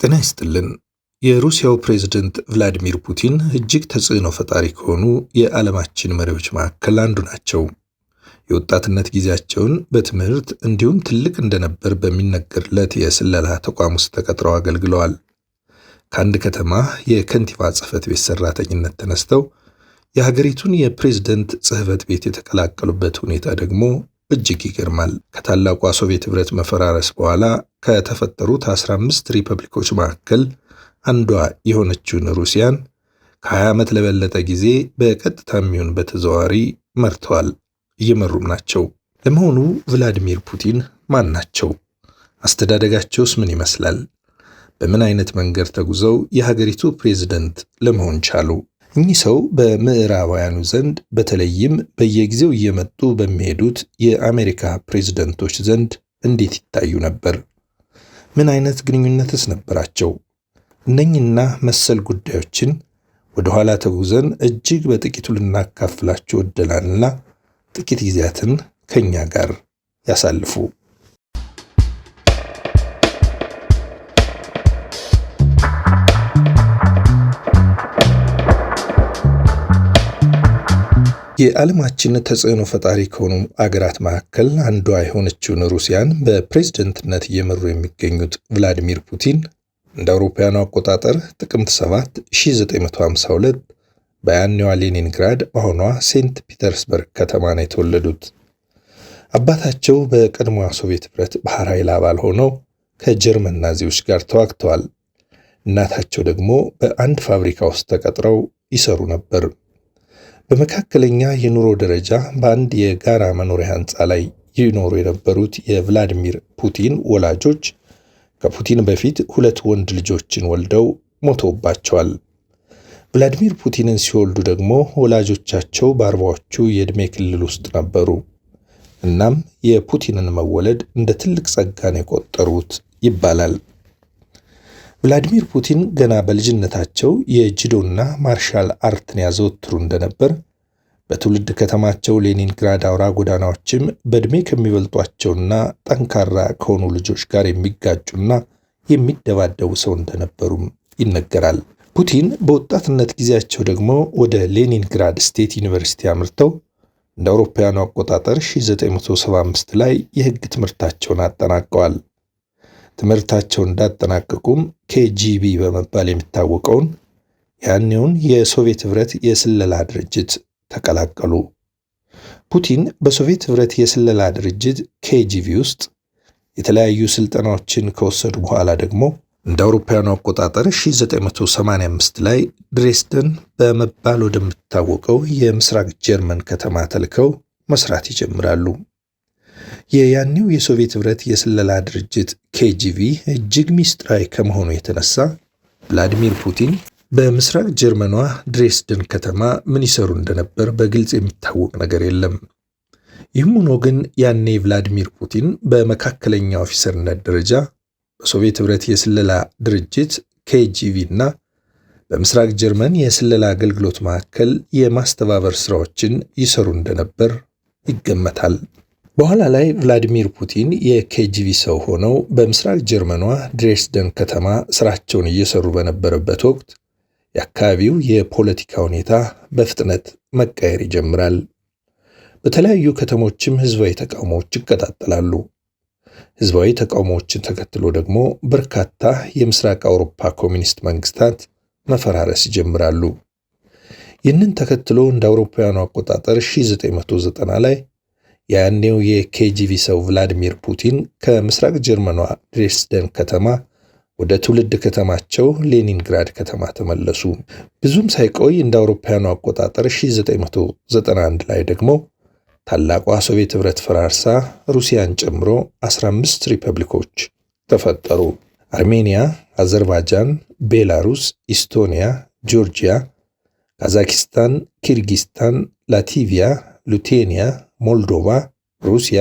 ጤና ይስጥልን። የሩሲያው ፕሬዝደንት ቭላዲሚር ፑቲን እጅግ ተጽዕኖ ፈጣሪ ከሆኑ የዓለማችን መሪዎች መካከል አንዱ ናቸው። የወጣትነት ጊዜያቸውን በትምህርት እንዲሁም ትልቅ እንደነበር በሚነገርለት የስለላ ተቋም ውስጥ ተቀጥረው አገልግለዋል። ከአንድ ከተማ የከንቲባ ጽህፈት ቤት ሰራተኝነት ተነስተው የሀገሪቱን የፕሬዝደንት ጽህፈት ቤት የተቀላቀሉበት ሁኔታ ደግሞ እጅግ ይገርማል። ከታላቋ ሶቪየት ህብረት መፈራረስ በኋላ ከተፈጠሩት 15 ሪፐብሊኮች መካከል አንዷ የሆነችውን ሩሲያን ከ20 ዓመት ለበለጠ ጊዜ በቀጥታ የሚሆን በተዘዋዋሪ መርተዋል፣ እየመሩም ናቸው። ለመሆኑ ቭላዲሚር ፑቲን ማን ናቸው? አስተዳደጋቸውስ ምን ይመስላል? በምን አይነት መንገድ ተጉዘው የሀገሪቱ ፕሬዝደንት ለመሆን ቻሉ? እኚህ ሰው በምዕራባውያኑ ዘንድ በተለይም በየጊዜው እየመጡ በሚሄዱት የአሜሪካ ፕሬዝደንቶች ዘንድ እንዴት ይታዩ ነበር? ምን አይነት ግንኙነትስ ነበራቸው? እነኝና መሰል ጉዳዮችን ወደ ኋላ ተጉዘን እጅግ በጥቂቱ ልናካፍላችሁ ወደናልና ጥቂት ጊዜያትን ከእኛ ጋር ያሳልፉ። የዓለማችን ተጽዕኖ ፈጣሪ ከሆኑ አገራት መካከል አንዷ የሆነችውን ሩሲያን በፕሬዝደንትነት እየመሩ የሚገኙት ቭላዲሚር ፑቲን እንደ አውሮፓውያኑ አቆጣጠር ጥቅምት 7 1952 በያኔዋ ሌኒንግራድ አሁኗ ሴንት ፒተርስበርግ ከተማ ነው የተወለዱት። አባታቸው በቀድሞዋ ሶቪየት ህብረት ባህር ኃይል አባል ሆነው ከጀርመን ናዚዎች ጋር ተዋግተዋል። እናታቸው ደግሞ በአንድ ፋብሪካ ውስጥ ተቀጥረው ይሰሩ ነበር። በመካከለኛ የኑሮ ደረጃ በአንድ የጋራ መኖሪያ ህንፃ ላይ ይኖሩ የነበሩት የቭላዲሚር ፑቲን ወላጆች ከፑቲን በፊት ሁለት ወንድ ልጆችን ወልደው ሞተውባቸዋል። ቭላዲሚር ፑቲንን ሲወልዱ ደግሞ ወላጆቻቸው በአርባዎቹ የዕድሜ ክልል ውስጥ ነበሩ። እናም የፑቲንን መወለድ እንደ ትልቅ ጸጋን የቆጠሩት ይባላል። ቭላዲሚር ፑቲን ገና በልጅነታቸው የጅዶና ማርሻል አርትን ያዘወትሩ እንደነበር በትውልድ ከተማቸው ሌኒንግራድ አውራ ጎዳናዎችም በዕድሜ ከሚበልጧቸውና ጠንካራ ከሆኑ ልጆች ጋር የሚጋጩና የሚደባደቡ ሰው እንደነበሩም ይነገራል። ፑቲን በወጣትነት ጊዜያቸው ደግሞ ወደ ሌኒንግራድ ስቴት ዩኒቨርሲቲ አምርተው እንደ አውሮፓውያኑ አቆጣጠር 1975 ላይ የሕግ ትምህርታቸውን አጠናቀዋል። ትምህርታቸውን እንዳጠናቀቁም ኬጂቢ በመባል የሚታወቀውን ያኔውን የሶቪየት ህብረት የስለላ ድርጅት ተቀላቀሉ። ፑቲን በሶቪየት ህብረት የስለላ ድርጅት ኬጂቢ ውስጥ የተለያዩ ስልጠናዎችን ከወሰዱ በኋላ ደግሞ እንደ አውሮፓውያኑ አቆጣጠር 1985 ላይ ድሬስደን በመባል ወደምትታወቀው የምስራቅ ጀርመን ከተማ ተልከው መስራት ይጀምራሉ። የያኔው የሶቪየት ህብረት የስለላ ድርጅት ኬጂቪ እጅግ ሚስጥራዊ ከመሆኑ የተነሳ ቭላዲሚር ፑቲን በምስራቅ ጀርመኗ ድሬስደን ከተማ ምን ይሰሩ እንደነበር በግልጽ የሚታወቅ ነገር የለም። ይህም ሆኖ ግን ያኔ ቭላዲሚር ፑቲን በመካከለኛ ኦፊሰርነት ደረጃ በሶቪየት ህብረት የስለላ ድርጅት ኬጂቪ እና በምስራቅ ጀርመን የስለላ አገልግሎት ማዕከል የማስተባበር ስራዎችን ይሰሩ እንደነበር ይገመታል። በኋላ ላይ ቭላዲሚር ፑቲን የኬጂቪ ሰው ሆነው በምስራቅ ጀርመኗ ድሬስደን ከተማ ስራቸውን እየሰሩ በነበረበት ወቅት የአካባቢው የፖለቲካ ሁኔታ በፍጥነት መቃየር ይጀምራል። በተለያዩ ከተሞችም ህዝባዊ ተቃውሞዎች ይቀጣጠላሉ። ህዝባዊ ተቃውሞዎችን ተከትሎ ደግሞ በርካታ የምስራቅ አውሮፓ ኮሚኒስት መንግስታት መፈራረስ ይጀምራሉ። ይህንን ተከትሎ እንደ አውሮፓውያኑ አቆጣጠር 1990 ላይ ያኔው የኬጂቪ ሰው ቭላዲሚር ፑቲን ከምስራቅ ጀርመኗ ድሬስደን ከተማ ወደ ትውልድ ከተማቸው ሌኒንግራድ ከተማ ተመለሱ። ብዙም ሳይቆይ እንደ አውሮፓውያኑ አቆጣጠር 1991 ላይ ደግሞ ታላቋ ሶቪየት ኅብረት ፈራርሳ ሩሲያን ጨምሮ 15 ሪፐብሊኮች ተፈጠሩ። አርሜኒያ፣ አዘርባጃን፣ ቤላሩስ፣ ኢስቶኒያ፣ ጆርጂያ፣ ካዛኪስታን፣ ኪርጊስታን፣ ላቲቪያ፣ ሉቴኒያ፣ ሞልዶቫ፣ ሩሲያ፣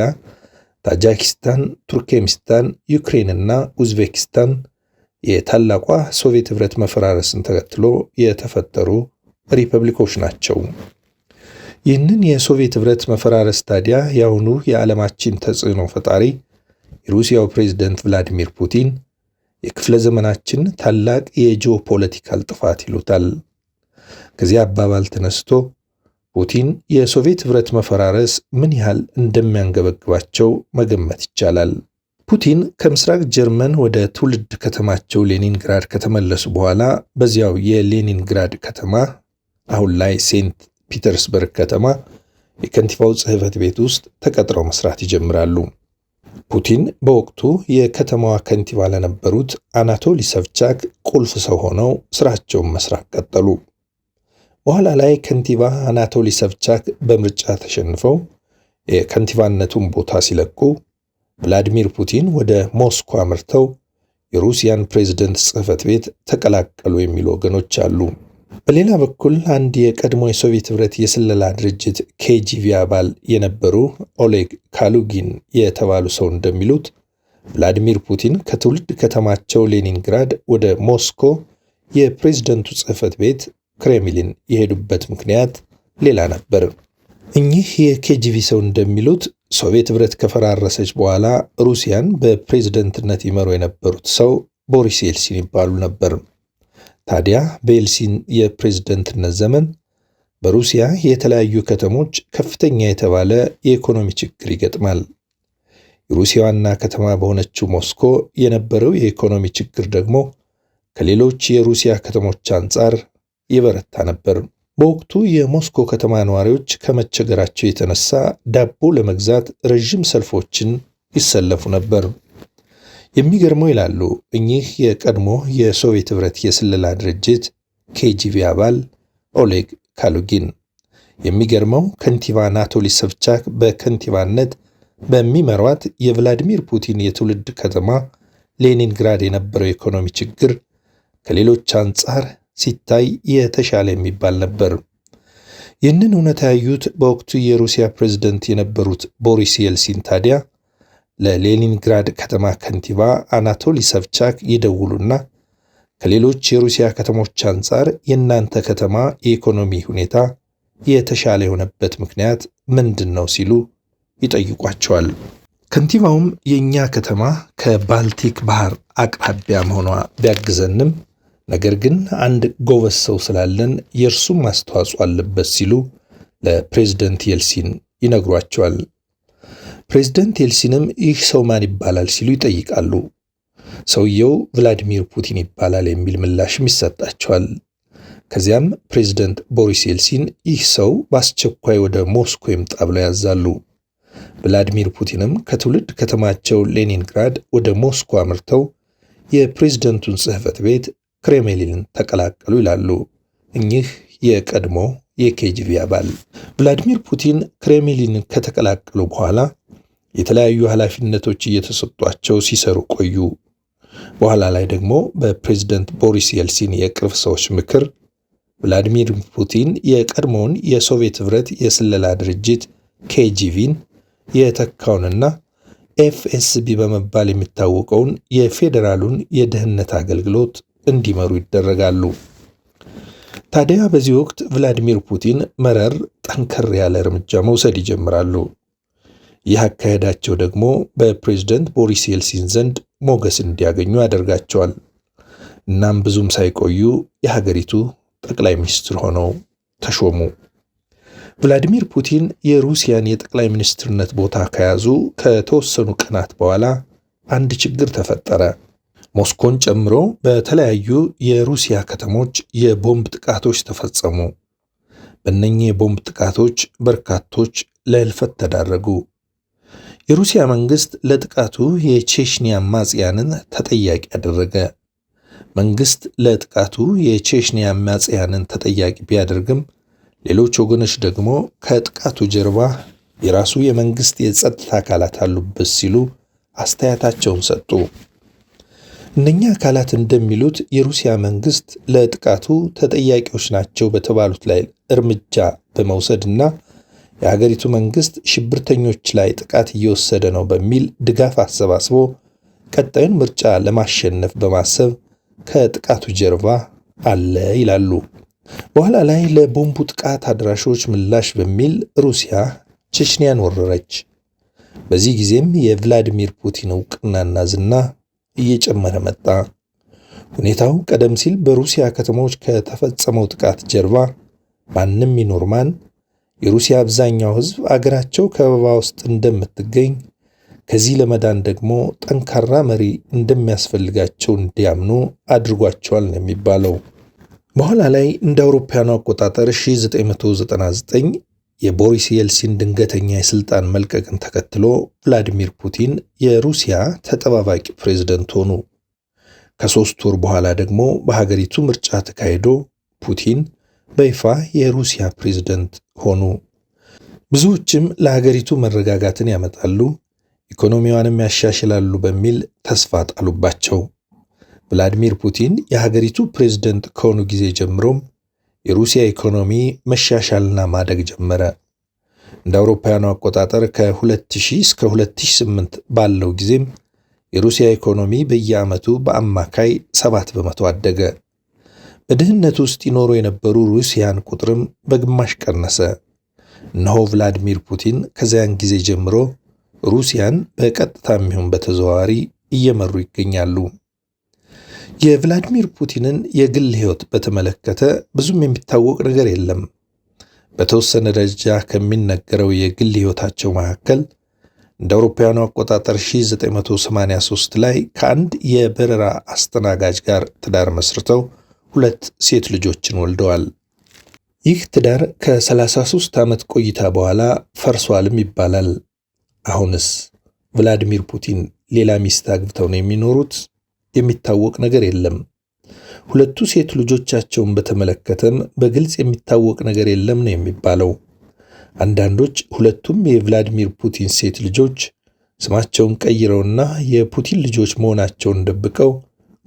ታጃኪስታን፣ ቱርክሜኒስታን፣ ዩክሬን እና ኡዝቤኪስታን የታላቋ ሶቪየት ህብረት መፈራረስን ተከትሎ የተፈጠሩ ሪፐብሊኮች ናቸው። ይህንን የሶቪየት ህብረት መፈራረስ ታዲያ የአሁኑ የዓለማችን ተጽዕኖ ፈጣሪ የሩሲያው ፕሬዝደንት ቭላዲሚር ፑቲን የክፍለ ዘመናችን ታላቅ የጂኦፖለቲካል ጥፋት ይሉታል። ከዚህ አባባል ተነስቶ ፑቲን የሶቪየት ኅብረት መፈራረስ ምን ያህል እንደሚያንገበግባቸው መገመት ይቻላል። ፑቲን ከምስራቅ ጀርመን ወደ ትውልድ ከተማቸው ሌኒንግራድ ከተመለሱ በኋላ በዚያው የሌኒንግራድ ከተማ አሁን ላይ ሴንት ፒተርስበርግ ከተማ የከንቲባው ጽሕፈት ቤት ውስጥ ተቀጥረው መስራት ይጀምራሉ። ፑቲን በወቅቱ የከተማዋ ከንቲባ ለነበሩት አናቶሊ ሰብቻክ ቁልፍ ሰው ሆነው ስራቸውን መስራት ቀጠሉ። በኋላ ላይ ከንቲባ አናቶሊ ሰብቻክ በምርጫ ተሸንፈው የከንቲባነቱን ቦታ ሲለቁ ቭላዲሚር ፑቲን ወደ ሞስኮ አምርተው የሩሲያን ፕሬዝደንት ጽህፈት ቤት ተቀላቀሉ የሚሉ ወገኖች አሉ። በሌላ በኩል አንድ የቀድሞ የሶቪየት ህብረት የስለላ ድርጅት ኬጂቪ አባል የነበሩ ኦሌግ ካሉጊን የተባሉ ሰው እንደሚሉት ቭላዲሚር ፑቲን ከትውልድ ከተማቸው ሌኒንግራድ ወደ ሞስኮ የፕሬዝደንቱ ጽህፈት ቤት ክሬምሊን የሄዱበት ምክንያት ሌላ ነበር። እኚህ የኬጂቪ ሰው እንደሚሉት ሶቪየት ህብረት ከፈራረሰች በኋላ ሩሲያን በፕሬዝደንትነት ይመሩ የነበሩት ሰው ቦሪስ ኤልሲን ይባሉ ነበር። ታዲያ በኤልሲን የፕሬዝደንትነት ዘመን በሩሲያ የተለያዩ ከተሞች ከፍተኛ የተባለ የኢኮኖሚ ችግር ይገጥማል። የሩሲያ ዋና ከተማ በሆነችው ሞስኮ የነበረው የኢኮኖሚ ችግር ደግሞ ከሌሎች የሩሲያ ከተሞች አንጻር የበረታ ነበር። በወቅቱ የሞስኮ ከተማ ነዋሪዎች ከመቸገራቸው የተነሳ ዳቦ ለመግዛት ረዥም ሰልፎችን ይሰለፉ ነበር። የሚገርመው ይላሉ እኚህ የቀድሞ የሶቪየት ኅብረት የስለላ ድርጅት ኬጂቪ አባል ኦሌግ ካሉጊን፣ የሚገርመው ከንቲባ አናቶሊ ሰብቻክ በከንቲባነት በሚመሯት የቭላዲሚር ፑቲን የትውልድ ከተማ ሌኒንግራድ የነበረው የኢኮኖሚ ችግር ከሌሎች አንጻር ሲታይ የተሻለ የሚባል ነበር። ይህንን እውነት ያዩት በወቅቱ የሩሲያ ፕሬዝደንት የነበሩት ቦሪስ የልሲን ታዲያ ለሌኒንግራድ ከተማ ከንቲባ አናቶሊ ሰብቻክ ይደውሉና ከሌሎች የሩሲያ ከተሞች አንጻር የእናንተ ከተማ የኢኮኖሚ ሁኔታ የተሻለ የሆነበት ምክንያት ምንድን ነው ሲሉ ይጠይቋቸዋል። ከንቲባውም የእኛ ከተማ ከባልቲክ ባህር አቅራቢያ መሆኗ ቢያግዘንም ነገር ግን አንድ ጎበዝ ሰው ስላለን የእርሱም አስተዋጽኦ አለበት ሲሉ ለፕሬዝደንት የልሲን ይነግሯቸዋል። ፕሬዝደንት የልሲንም ይህ ሰው ማን ይባላል ሲሉ ይጠይቃሉ። ሰውየው ቭላዲሚር ፑቲን ይባላል የሚል ምላሽም ይሰጣቸዋል። ከዚያም ፕሬዝደንት ቦሪስ የልሲን ይህ ሰው በአስቸኳይ ወደ ሞስኮ ይምጣ ብለው ያዛሉ። ቭላዲሚር ፑቲንም ከትውልድ ከተማቸው ሌኒንግራድ ወደ ሞስኮ አምርተው የፕሬዝደንቱን ጽህፈት ቤት ክሬምሊንን ተቀላቀሉ ይላሉ እኚህ የቀድሞ የኬጂቢ አባል። ቭላዲሚር ፑቲን ክሬምሊንን ከተቀላቀሉ በኋላ የተለያዩ ኃላፊነቶች እየተሰጧቸው ሲሰሩ ቆዩ። በኋላ ላይ ደግሞ በፕሬዝደንት ቦሪስ የልሲን የቅርብ ሰዎች ምክር ቭላዲሚር ፑቲን የቀድሞውን የሶቪየት ህብረት የስለላ ድርጅት ኬጂቪን የተካውንና ኤፍኤስቢ በመባል የሚታወቀውን የፌዴራሉን የደህንነት አገልግሎት እንዲመሩ ይደረጋሉ። ታዲያ በዚህ ወቅት ቭላዲሚር ፑቲን መረር፣ ጠንከር ያለ እርምጃ መውሰድ ይጀምራሉ። ይህ አካሄዳቸው ደግሞ በፕሬዝደንት ቦሪስ የልሲን ዘንድ ሞገስ እንዲያገኙ ያደርጋቸዋል። እናም ብዙም ሳይቆዩ የሀገሪቱ ጠቅላይ ሚኒስትር ሆነው ተሾሙ። ቭላዲሚር ፑቲን የሩሲያን የጠቅላይ ሚኒስትርነት ቦታ ከያዙ ከተወሰኑ ቀናት በኋላ አንድ ችግር ተፈጠረ። ሞስኮን ጨምሮ በተለያዩ የሩሲያ ከተሞች የቦምብ ጥቃቶች ተፈጸሙ። በእነኚህ የቦምብ ጥቃቶች በርካቶች ለህልፈት ተዳረጉ። የሩሲያ መንግስት ለጥቃቱ የቼችኒያ አማጽያንን ተጠያቂ አደረገ። መንግስት ለጥቃቱ የቼችኒያ አማጽያንን ተጠያቂ ቢያደርግም ሌሎች ወገኖች ደግሞ ከጥቃቱ ጀርባ የራሱ የመንግስት የጸጥታ አካላት አሉበት ሲሉ አስተያየታቸውን ሰጡ። እነኛ አካላት እንደሚሉት የሩሲያ መንግስት ለጥቃቱ ተጠያቂዎች ናቸው በተባሉት ላይ እርምጃ በመውሰድ እና የሀገሪቱ መንግስት ሽብርተኞች ላይ ጥቃት እየወሰደ ነው በሚል ድጋፍ አሰባስቦ ቀጣዩን ምርጫ ለማሸነፍ በማሰብ ከጥቃቱ ጀርባ አለ ይላሉ። በኋላ ላይ ለቦምቡ ጥቃት አድራሾች ምላሽ በሚል ሩሲያ ቼችኒያን ወረረች። በዚህ ጊዜም የቭላዲሚር ፑቲን እውቅናና ዝና እየጨመረ መጣ። ሁኔታው ቀደም ሲል በሩሲያ ከተሞች ከተፈጸመው ጥቃት ጀርባ ማንም ይኖር ማን የሩሲያ አብዛኛው ሕዝብ አገራቸው ከበባ ውስጥ እንደምትገኝ ከዚህ ለመዳን ደግሞ ጠንካራ መሪ እንደሚያስፈልጋቸው እንዲያምኑ አድርጓቸዋል ነው የሚባለው። በኋላ ላይ እንደ አውሮፓውያኑ አቆጣጠር 1999 የቦሪስ የልሲን ድንገተኛ የስልጣን መልቀቅን ተከትሎ ቭላዲሚር ፑቲን የሩሲያ ተጠባባቂ ፕሬዝደንት ሆኑ። ከሶስት ወር በኋላ ደግሞ በሀገሪቱ ምርጫ ተካሂዶ ፑቲን በይፋ የሩሲያ ፕሬዝደንት ሆኑ። ብዙዎችም ለሀገሪቱ መረጋጋትን ያመጣሉ፣ ኢኮኖሚዋንም ያሻሽላሉ በሚል ተስፋ ጣሉባቸው። ቭላዲሚር ፑቲን የሀገሪቱ ፕሬዝደንት ከሆኑ ጊዜ ጀምሮም የሩሲያ ኢኮኖሚ መሻሻልና ማደግ ጀመረ። እንደ አውሮፓውያኑ አቆጣጠር ከ2000 እስከ 2008 ባለው ጊዜም የሩሲያ ኢኮኖሚ በየዓመቱ በአማካይ 7 በመቶ አደገ። በድህነት ውስጥ ይኖሩ የነበሩ ሩሲያን ቁጥርም በግማሽ ቀነሰ። እነሆ ቭላዲሚር ፑቲን ከዚያን ጊዜ ጀምሮ ሩሲያን በቀጥታም ይሁን በተዘዋዋሪ እየመሩ ይገኛሉ። የቭላዲሚር ፑቲንን የግል ህይወት በተመለከተ ብዙም የሚታወቅ ነገር የለም። በተወሰነ ደረጃ ከሚነገረው የግል ህይወታቸው መካከል እንደ አውሮፓውያኑ አቆጣጠር 1983 ላይ ከአንድ የበረራ አስተናጋጅ ጋር ትዳር መስርተው ሁለት ሴት ልጆችን ወልደዋል። ይህ ትዳር ከ33 ዓመት ቆይታ በኋላ ፈርሷልም ይባላል። አሁንስ ቭላዲሚር ፑቲን ሌላ ሚስት አግብተው ነው የሚኖሩት? የሚታወቅ ነገር የለም። ሁለቱ ሴት ልጆቻቸውን በተመለከተም በግልጽ የሚታወቅ ነገር የለም ነው የሚባለው። አንዳንዶች ሁለቱም የቭላዲሚር ፑቲን ሴት ልጆች ስማቸውን ቀይረውና የፑቲን ልጆች መሆናቸውን ደብቀው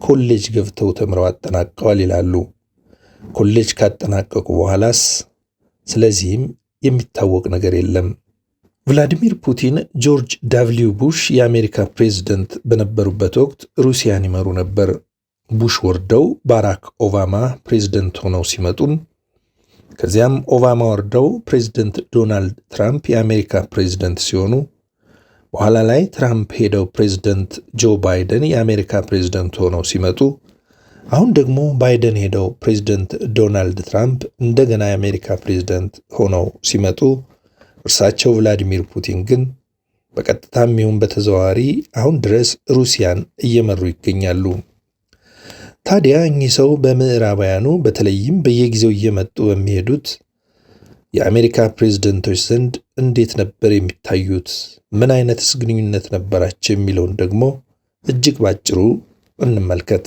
ኮሌጅ ገብተው ተምረው አጠናቀዋል ይላሉ። ኮሌጅ ካጠናቀቁ በኋላስ? ስለዚህም የሚታወቅ ነገር የለም። ቭላዲሚር ፑቲን ጆርጅ ዳብሊው ቡሽ የአሜሪካ ፕሬዝደንት በነበሩበት ወቅት ሩሲያን ይመሩ ነበር። ቡሽ ወርደው ባራክ ኦባማ ፕሬዝደንት ሆነው ሲመጡም ከዚያም ኦባማ ወርደው ፕሬዝደንት ዶናልድ ትራምፕ የአሜሪካ ፕሬዝደንት ሲሆኑ በኋላ ላይ ትራምፕ ሄደው ፕሬዝደንት ጆ ባይደን የአሜሪካ ፕሬዝደንት ሆነው ሲመጡ አሁን ደግሞ ባይደን ሄደው ፕሬዝደንት ዶናልድ ትራምፕ እንደገና የአሜሪካ ፕሬዝደንት ሆነው ሲመጡ እርሳቸው ቭላዲሚር ፑቲን ግን በቀጥታም ይሁን በተዘዋዋሪ አሁን ድረስ ሩሲያን እየመሩ ይገኛሉ። ታዲያ እኚህ ሰው በምዕራባውያኑ በተለይም በየጊዜው እየመጡ በሚሄዱት የአሜሪካ ፕሬዝደንቶች ዘንድ እንዴት ነበር የሚታዩት? ምን አይነትስ ግንኙነት ነበራቸው? የሚለውን ደግሞ እጅግ ባጭሩ እንመልከት።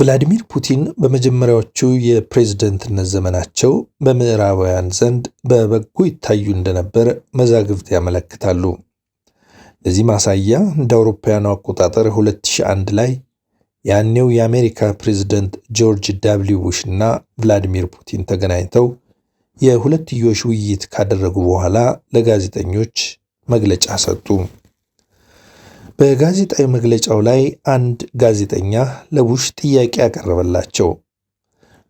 ቭላዲሚር ፑቲን በመጀመሪያዎቹ የፕሬዝደንትነት ዘመናቸው በምዕራባውያን ዘንድ በበጎ ይታዩ እንደነበር መዛግብት ያመለክታሉ። ለዚህ ማሳያ እንደ አውሮፓውያኑ አቆጣጠር 2001 ላይ ያኔው የአሜሪካ ፕሬዝደንት ጆርጅ ዳብሊው ቡሽ እና ቭላዲሚር ፑቲን ተገናኝተው የሁለትዮሽ ውይይት ካደረጉ በኋላ ለጋዜጠኞች መግለጫ ሰጡ። በጋዜጣዊ መግለጫው ላይ አንድ ጋዜጠኛ ለቡሽ ጥያቄ ያቀረበላቸው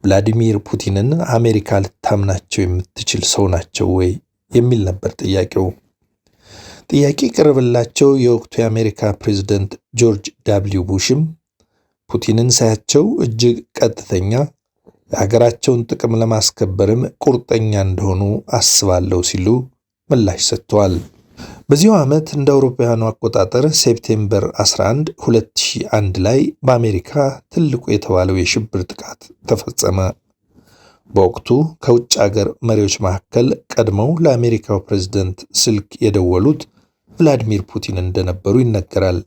ቭላዲሚር ፑቲንን አሜሪካ ልታምናቸው የምትችል ሰው ናቸው ወይ የሚል ነበር ጥያቄው። ጥያቄ የቀረበላቸው የወቅቱ የአሜሪካ ፕሬዚደንት ጆርጅ ዳብሊው ቡሽም ፑቲንን ሳያቸው እጅግ ቀጥተኛ፣ የሀገራቸውን ጥቅም ለማስከበርም ቁርጠኛ እንደሆኑ አስባለሁ ሲሉ ምላሽ ሰጥተዋል። በዚሁ ዓመት እንደ አውሮፓውያኑ አቆጣጠር ሴፕቴምበር 11 2001 ላይ በአሜሪካ ትልቁ የተባለው የሽብር ጥቃት ተፈጸመ። በወቅቱ ከውጭ አገር መሪዎች መካከል ቀድመው ለአሜሪካው ፕሬዚደንት ስልክ የደወሉት ቭላዲሚር ፑቲን እንደነበሩ ይነገራል።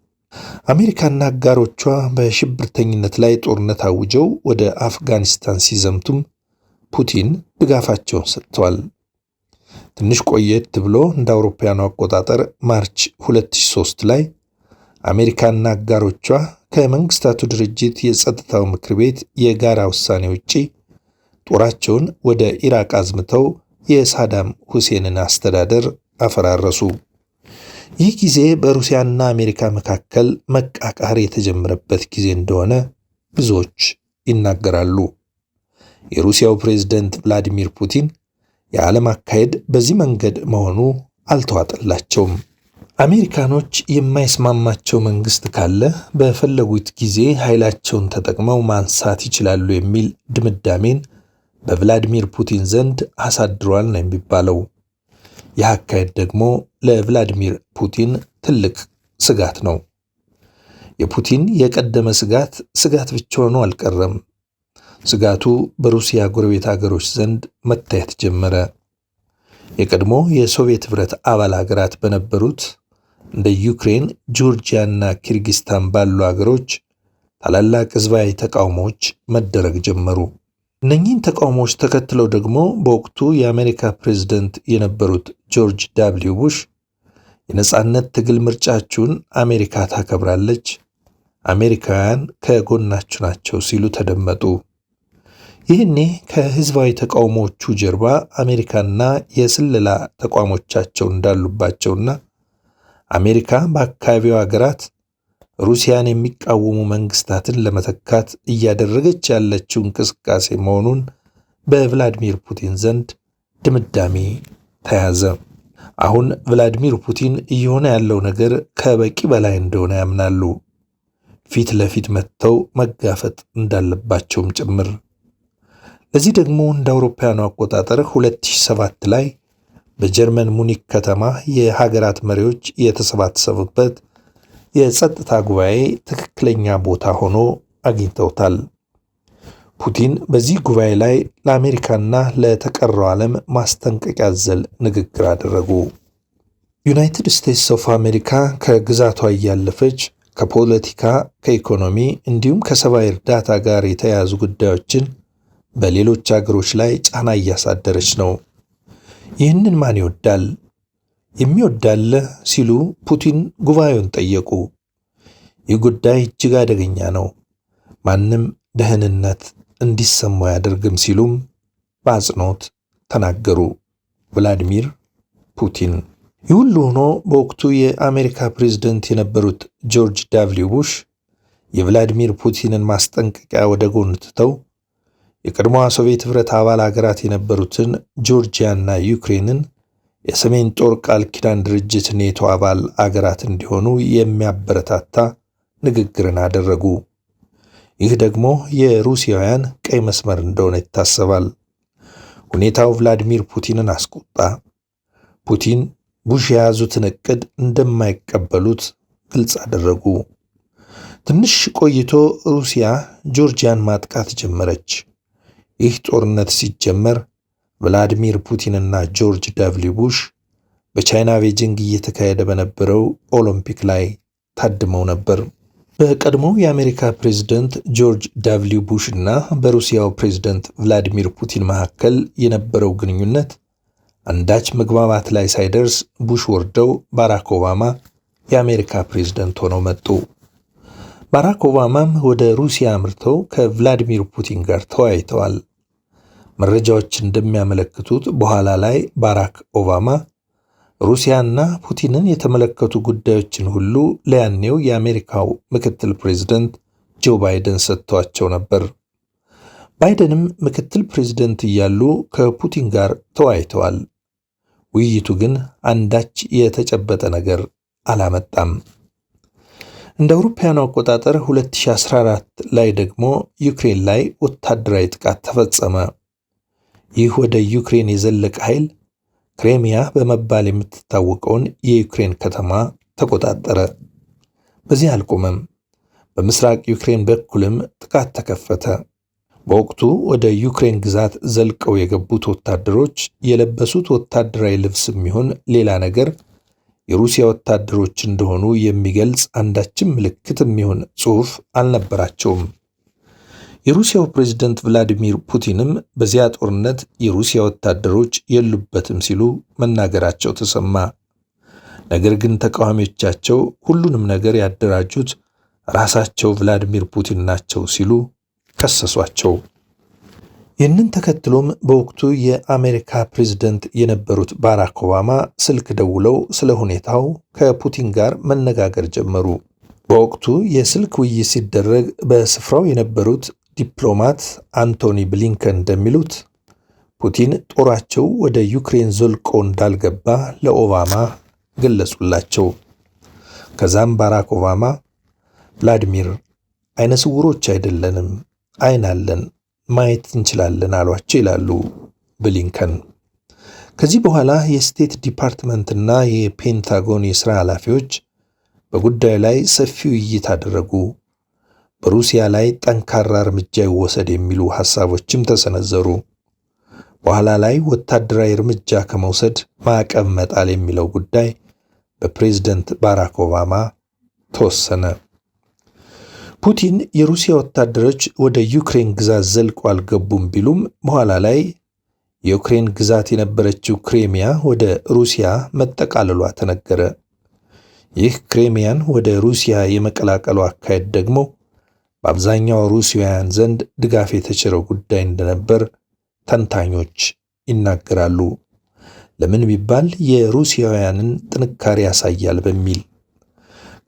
አሜሪካና አጋሮቿ በሽብርተኝነት ላይ ጦርነት አውጀው ወደ አፍጋኒስታን ሲዘምቱም ፑቲን ድጋፋቸውን ሰጥተዋል። ትንሽ ቆየት ብሎ እንደ አውሮፓውያኑ አቆጣጠር ማርች 2003 ላይ አሜሪካና አጋሮቿ ከመንግስታቱ ድርጅት የጸጥታው ምክር ቤት የጋራ ውሳኔ ውጪ ጦራቸውን ወደ ኢራቅ አዝምተው የሳዳም ሁሴንን አስተዳደር አፈራረሱ። ይህ ጊዜ በሩሲያና አሜሪካ መካከል መቃቃር የተጀመረበት ጊዜ እንደሆነ ብዙዎች ይናገራሉ። የሩሲያው ፕሬዝደንት ቭላዲሚር ፑቲን የዓለም አካሄድ በዚህ መንገድ መሆኑ አልተዋጠላቸውም። አሜሪካኖች የማይስማማቸው መንግስት ካለ በፈለጉት ጊዜ ኃይላቸውን ተጠቅመው ማንሳት ይችላሉ የሚል ድምዳሜን በቭላዲሚር ፑቲን ዘንድ አሳድሯል ነው የሚባለው። ይህ አካሄድ ደግሞ ለቭላዲሚር ፑቲን ትልቅ ስጋት ነው። የፑቲን የቀደመ ስጋት ስጋት ብቻ ሆኖ አልቀረም። ስጋቱ በሩሲያ ጎረቤት አገሮች ዘንድ መታየት ጀመረ። የቀድሞ የሶቪየት ኅብረት አባል አገራት በነበሩት እንደ ዩክሬን፣ ጆርጂያና ኪርጊስታን ባሉ አገሮች ታላላቅ ህዝባዊ ተቃውሞዎች መደረግ ጀመሩ። እነኚህን ተቃውሞዎች ተከትለው ደግሞ በወቅቱ የአሜሪካ ፕሬዝደንት የነበሩት ጆርጅ ዳብሊው ቡሽ የነጻነት ትግል ምርጫችሁን አሜሪካ ታከብራለች፣ አሜሪካውያን ከጎናችሁ ናቸው ሲሉ ተደመጡ። ይህኔ ከህዝባዊ ተቃውሞዎቹ ጀርባ አሜሪካና የስለላ ተቋሞቻቸው እንዳሉባቸውና አሜሪካ በአካባቢው ሀገራት ሩሲያን የሚቃወሙ መንግስታትን ለመተካት እያደረገች ያለችው እንቅስቃሴ መሆኑን በቭላዲሚር ፑቲን ዘንድ ድምዳሜ ተያዘ። አሁን ቭላዲሚር ፑቲን እየሆነ ያለው ነገር ከበቂ በላይ እንደሆነ ያምናሉ። ፊት ለፊት መጥተው መጋፈጥ እንዳለባቸውም ጭምር እዚህ ደግሞ እንደ አውሮፓውያኑ አቆጣጠር 2007 ላይ በጀርመን ሙኒክ ከተማ የሀገራት መሪዎች የተሰባሰቡበት የጸጥታ ጉባኤ ትክክለኛ ቦታ ሆኖ አግኝተውታል። ፑቲን በዚህ ጉባኤ ላይ ለአሜሪካና ለተቀረው ዓለም ማስጠንቀቂያ አዘል ንግግር አደረጉ። ዩናይትድ ስቴትስ ኦፍ አሜሪካ ከግዛቷ እያለፈች ከፖለቲካ፣ ከኢኮኖሚ እንዲሁም ከሰብአዊ እርዳታ ጋር የተያያዙ ጉዳዮችን በሌሎች አገሮች ላይ ጫና እያሳደረች ነው። ይህንን ማን ይወዳል? የሚወዳለ ሲሉ ፑቲን ጉባኤውን ጠየቁ። ይህ ጉዳይ እጅግ አደገኛ ነው፣ ማንም ደህንነት እንዲሰማው አያደርግም ሲሉም በአጽንኦት ተናገሩ ቭላዲሚር ፑቲን። ይህ ሁሉ ሆኖ በወቅቱ የአሜሪካ ፕሬዝደንት የነበሩት ጆርጅ ዳብሊው ቡሽ የቭላዲሚር ፑቲንን ማስጠንቀቂያ ወደ ጎን ትተው የቀድሞዋ ሶቪየት ኅብረት አባል አገራት የነበሩትን ጆርጂያና ዩክሬንን የሰሜን ጦር ቃል ኪዳን ድርጅት ኔቶ አባል አገራት እንዲሆኑ የሚያበረታታ ንግግርን አደረጉ። ይህ ደግሞ የሩሲያውያን ቀይ መስመር እንደሆነ ይታሰባል። ሁኔታው ቭላዲሚር ፑቲንን አስቆጣ። ፑቲን ቡሽ የያዙትን ዕቅድ እንደማይቀበሉት ግልጽ አደረጉ። ትንሽ ቆይቶ ሩሲያ ጆርጂያን ማጥቃት ጀመረች። ይህ ጦርነት ሲጀመር ቭላዲሚር እና ጆርጅ ደብልዩ ቡሽ በቻይና ቤጂንግ እየተካሄደ በነበረው ኦሎምፒክ ላይ ታድመው ነበር። በቀድሞው የአሜሪካ ፕሬዝደንት ጆርጅ ደብልዩ ቡሽ እና በሩሲያው ፕሬዝደንት ቭላዲሚር ፑቲን መካከል የነበረው ግንኙነት አንዳች መግባባት ላይ ሳይደርስ ቡሽ ወርደው ባራክ ኦባማ የአሜሪካ ፕሬዝደንት ሆነው መጡ። ባራክ ኦባማም ወደ ሩሲያ አምርተው ከቭላዲሚር ፑቲን ጋር ተወያይተዋል። መረጃዎች እንደሚያመለክቱት በኋላ ላይ ባራክ ኦባማ ሩሲያና ፑቲንን የተመለከቱ ጉዳዮችን ሁሉ ለያኔው የአሜሪካው ምክትል ፕሬዝደንት ጆ ባይደን ሰጥተዋቸው ነበር። ባይደንም ምክትል ፕሬዝደንት እያሉ ከፑቲን ጋር ተወያይተዋል። ውይይቱ ግን አንዳች የተጨበጠ ነገር አላመጣም። እንደ አውሮፓውያኑ አቆጣጠር 2014 ላይ ደግሞ ዩክሬን ላይ ወታደራዊ ጥቃት ተፈጸመ። ይህ ወደ ዩክሬን የዘለቀ ኃይል ክሬሚያ በመባል የምትታወቀውን የዩክሬን ከተማ ተቆጣጠረ። በዚህ አልቆመም። በምስራቅ ዩክሬን በኩልም ጥቃት ተከፈተ። በወቅቱ ወደ ዩክሬን ግዛት ዘልቀው የገቡት ወታደሮች የለበሱት ወታደራዊ ልብስ የሚሆን ሌላ ነገር የሩሲያ ወታደሮች እንደሆኑ የሚገልጽ አንዳችም ምልክት የሚሆን ጽሑፍ አልነበራቸውም። የሩሲያው ፕሬዝደንት ቭላዲሚር ፑቲንም በዚያ ጦርነት የሩሲያ ወታደሮች የሉበትም ሲሉ መናገራቸው ተሰማ። ነገር ግን ተቃዋሚዎቻቸው ሁሉንም ነገር ያደራጁት ራሳቸው ቭላዲሚር ፑቲን ናቸው ሲሉ ከሰሷቸው። ይህንን ተከትሎም በወቅቱ የአሜሪካ ፕሬዝደንት የነበሩት ባራክ ኦባማ ስልክ ደውለው ስለ ሁኔታው ከፑቲን ጋር መነጋገር ጀመሩ። በወቅቱ የስልክ ውይይት ሲደረግ በስፍራው የነበሩት ዲፕሎማት አንቶኒ ብሊንከን እንደሚሉት ፑቲን ጦራቸው ወደ ዩክሬን ዘልቆ እንዳልገባ ለኦባማ ገለጹላቸው። ከዛም ባራክ ኦባማ ቭላዲሚር አይነ ስውሮች አይደለንም፣ አይን አለን፣ ማየት እንችላለን አሏቸው ይላሉ ብሊንከን። ከዚህ በኋላ የስቴት ዲፓርትመንትና የፔንታጎን የሥራ ኃላፊዎች በጉዳዩ ላይ ሰፊ ውይይት አደረጉ። በሩሲያ ላይ ጠንካራ እርምጃ ይወሰድ የሚሉ ሐሳቦችም ተሰነዘሩ። በኋላ ላይ ወታደራዊ እርምጃ ከመውሰድ ማዕቀብ መጣል የሚለው ጉዳይ በፕሬዝደንት ባራክ ኦባማ ተወሰነ። ፑቲን የሩሲያ ወታደሮች ወደ ዩክሬን ግዛት ዘልቆ አልገቡም ቢሉም በኋላ ላይ የዩክሬን ግዛት የነበረችው ክሬሚያ ወደ ሩሲያ መጠቃለሏ ተነገረ። ይህ ክሬሚያን ወደ ሩሲያ የመቀላቀሉ አካሄድ ደግሞ በአብዛኛው ሩሲያውያን ዘንድ ድጋፍ የተቸረው ጉዳይ እንደነበር ተንታኞች ይናገራሉ። ለምን ቢባል የሩሲያውያንን ጥንካሬ ያሳያል በሚል።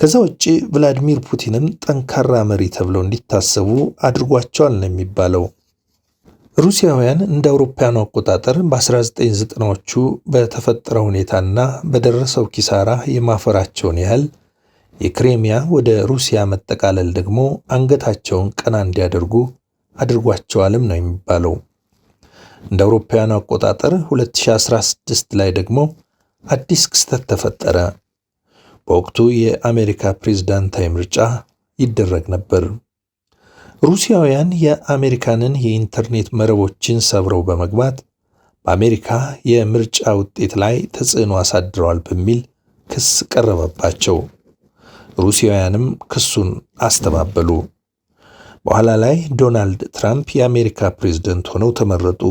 ከዛ ውጭ ቭላዲሚር ፑቲንም ጠንካራ መሪ ተብለው እንዲታሰቡ አድርጓቸዋል ነው የሚባለው። ሩሲያውያን እንደ አውሮፓውያኑ አቆጣጠር በ1990ዎቹ በተፈጠረው ሁኔታና በደረሰው ኪሳራ የማፈራቸውን ያህል የክሬሚያ ወደ ሩሲያ መጠቃለል ደግሞ አንገታቸውን ቀና እንዲያደርጉ አድርጓቸዋልም ነው የሚባለው። እንደ አውሮፓውያኑ አቆጣጠር 2016 ላይ ደግሞ አዲስ ክስተት ተፈጠረ። በወቅቱ የአሜሪካ ፕሬዝዳንታዊ ምርጫ ይደረግ ነበር። ሩሲያውያን የአሜሪካንን የኢንተርኔት መረቦችን ሰብረው በመግባት በአሜሪካ የምርጫ ውጤት ላይ ተጽዕኖ አሳድረዋል በሚል ክስ ቀረበባቸው። ሩሲያውያንም ክሱን አስተባበሉ። በኋላ ላይ ዶናልድ ትራምፕ የአሜሪካ ፕሬዝደንት ሆነው ተመረጡ።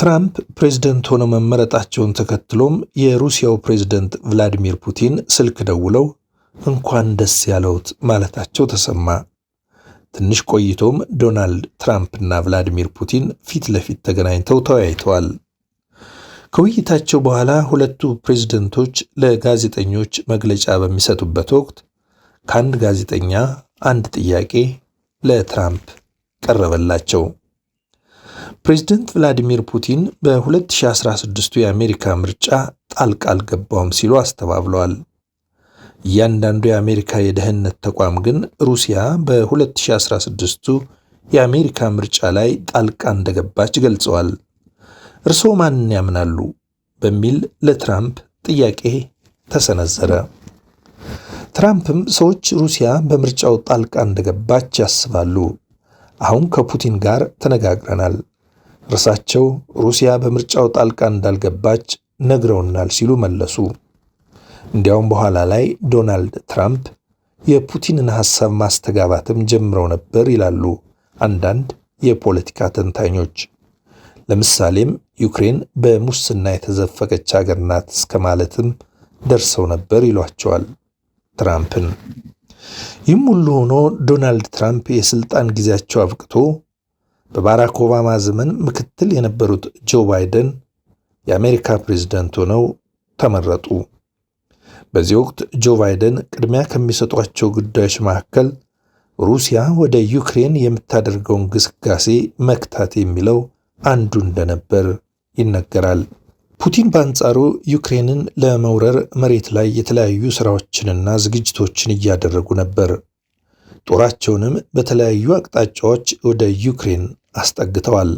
ትራምፕ ፕሬዝደንት ሆነው መመረጣቸውን ተከትሎም የሩሲያው ፕሬዝደንት ቭላዲሚር ፑቲን ስልክ ደውለው እንኳን ደስ ያለውት ማለታቸው ተሰማ። ትንሽ ቆይቶም ዶናልድ ትራምፕ እና ቭላዲሚር ፑቲን ፊት ለፊት ተገናኝተው ተወያይተዋል። ከውይይታቸው በኋላ ሁለቱ ፕሬዝደንቶች ለጋዜጠኞች መግለጫ በሚሰጡበት ወቅት ከአንድ ጋዜጠኛ አንድ ጥያቄ ለትራምፕ ቀረበላቸው። ፕሬዝደንት ቭላዲሚር ፑቲን በ2016 የአሜሪካ ምርጫ ጣልቃ አልገባውም ሲሉ አስተባብለዋል። እያንዳንዱ የአሜሪካ የደህንነት ተቋም ግን ሩሲያ በ2016 የአሜሪካ ምርጫ ላይ ጣልቃ እንደገባች ገልጸዋል። እርስዎ ማንን ያምናሉ? በሚል ለትራምፕ ጥያቄ ተሰነዘረ። ትራምፕም ሰዎች ሩሲያ በምርጫው ጣልቃ እንደገባች ያስባሉ። አሁን ከፑቲን ጋር ተነጋግረናል። እርሳቸው ሩሲያ በምርጫው ጣልቃ እንዳልገባች ነግረውናል ሲሉ መለሱ። እንዲያውም በኋላ ላይ ዶናልድ ትራምፕ የፑቲንን ሐሳብ ማስተጋባትም ጀምረው ነበር ይላሉ አንዳንድ የፖለቲካ ተንታኞች። ለምሳሌም ዩክሬን በሙስና የተዘፈቀች ሀገር ናት እስከ ማለትም ደርሰው ነበር ይሏቸዋል ትራምፕን። ይህም ሁሉ ሆኖ ዶናልድ ትራምፕ የስልጣን ጊዜያቸው አብቅቶ በባራክ ኦባማ ዘመን ምክትል የነበሩት ጆ ባይደን የአሜሪካ ፕሬዝደንት ሆነው ተመረጡ። በዚህ ወቅት ጆ ባይደን ቅድሚያ ከሚሰጧቸው ጉዳዮች መካከል ሩሲያ ወደ ዩክሬን የምታደርገውን ግስጋሴ መክታት የሚለው አንዱ እንደነበር ይነገራል። ፑቲን በአንጻሩ ዩክሬንን ለመውረር መሬት ላይ የተለያዩ ሥራዎችንና ዝግጅቶችን እያደረጉ ነበር። ጦራቸውንም በተለያዩ አቅጣጫዎች ወደ ዩክሬን አስጠግተዋል።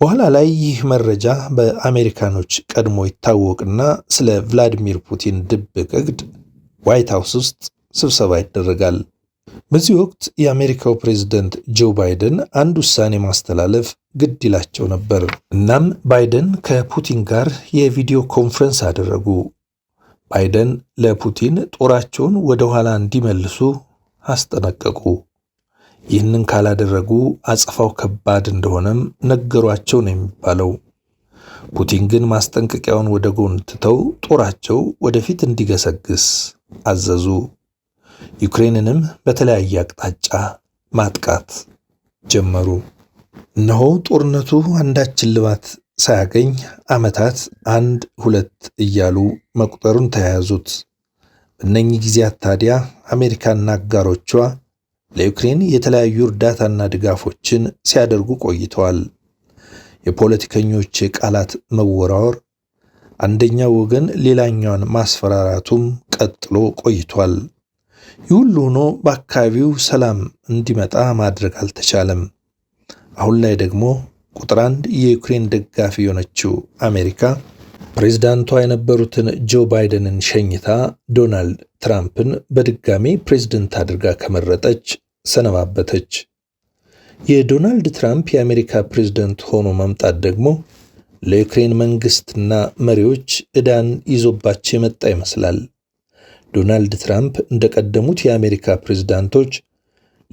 በኋላ ላይ ይህ መረጃ በአሜሪካኖች ቀድሞ ይታወቅና ስለ ቭላዲሚር ፑቲን ድብቅ እቅድ ዋይት ሀውስ ውስጥ ስብሰባ ይደረጋል። በዚህ ወቅት የአሜሪካው ፕሬዝደንት ጆ ባይደን አንድ ውሳኔ ማስተላለፍ ግድ ይላቸው ነበር። እናም ባይደን ከፑቲን ጋር የቪዲዮ ኮንፈረንስ አደረጉ። ባይደን ለፑቲን ጦራቸውን ወደ ኋላ እንዲመልሱ አስጠነቀቁ። ይህንን ካላደረጉ አጸፋው ከባድ እንደሆነም ነገሯቸው ነው የሚባለው። ፑቲን ግን ማስጠንቀቂያውን ወደ ጎን ትተው ጦራቸው ወደፊት እንዲገሰግስ አዘዙ። ዩክሬንንም በተለያየ አቅጣጫ ማጥቃት ጀመሩ። እነሆ ጦርነቱ አንዳች እልባት ሳያገኝ ዓመታት አንድ ሁለት እያሉ መቁጠሩን ተያያዙት። በእነኚህ ጊዜያት ታዲያ አሜሪካና አጋሮቿ ለዩክሬን የተለያዩ እርዳታና ድጋፎችን ሲያደርጉ ቆይተዋል። የፖለቲከኞች የቃላት መወራወር፣ አንደኛው ወገን ሌላኛውን ማስፈራራቱም ቀጥሎ ቆይቷል። ይህ ሁሉ ሆኖ በአካባቢው ሰላም እንዲመጣ ማድረግ አልተቻለም። አሁን ላይ ደግሞ ቁጥር አንድ የዩክሬን ደጋፊ የሆነችው አሜሪካ ፕሬዚዳንቷ የነበሩትን ጆ ባይደንን ሸኝታ ዶናልድ ትራምፕን በድጋሚ ፕሬዝደንት አድርጋ ከመረጠች ሰነባበተች። የዶናልድ ትራምፕ የአሜሪካ ፕሬዝደንት ሆኖ መምጣት ደግሞ ለዩክሬን መንግስትና መሪዎች ዕዳን ይዞባቸው የመጣ ይመስላል። ዶናልድ ትራምፕ እንደቀደሙት የአሜሪካ ፕሬዝዳንቶች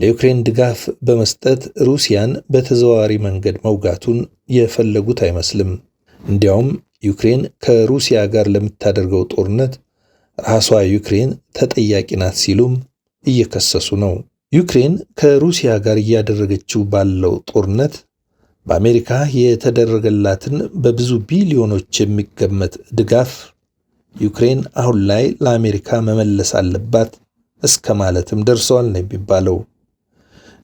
ለዩክሬን ድጋፍ በመስጠት ሩሲያን በተዘዋዋሪ መንገድ መውጋቱን የፈለጉት አይመስልም። እንዲያውም ዩክሬን ከሩሲያ ጋር ለምታደርገው ጦርነት ራሷ ዩክሬን ተጠያቂ ናት ሲሉም እየከሰሱ ነው። ዩክሬን ከሩሲያ ጋር እያደረገችው ባለው ጦርነት በአሜሪካ የተደረገላትን በብዙ ቢሊዮኖች የሚገመት ድጋፍ ዩክሬን አሁን ላይ ለአሜሪካ መመለስ አለባት እስከ ማለትም ደርሰዋል ነው የሚባለው።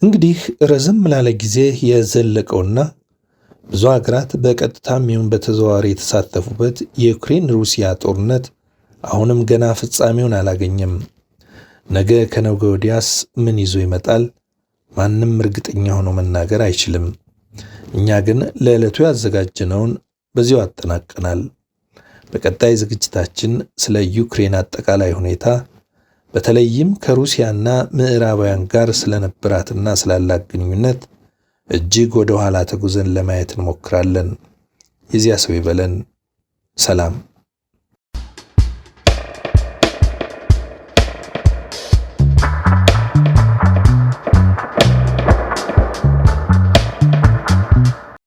እንግዲህ ረዘም ላለ ጊዜ የዘለቀውና ብዙ ሀገራት በቀጥታም ይሁን በተዘዋዋሪ የተሳተፉበት የዩክሬን ሩሲያ ጦርነት አሁንም ገና ፍጻሜውን አላገኘም። ነገ ከነገ ወዲያስ ምን ይዞ ይመጣል? ማንም እርግጠኛ ሆኖ መናገር አይችልም። እኛ ግን ለዕለቱ ያዘጋጀነውን በዚሁ አጠናቀናል። በቀጣይ ዝግጅታችን ስለ ዩክሬን አጠቃላይ ሁኔታ በተለይም ከሩሲያና ምዕራባውያን ጋር ስለነበራትና ስላላት ግንኙነት እጅግ ወደ ኋላ ተጉዘን ለማየት እንሞክራለን። የዚያ ሰው ይበለን። ሰላም።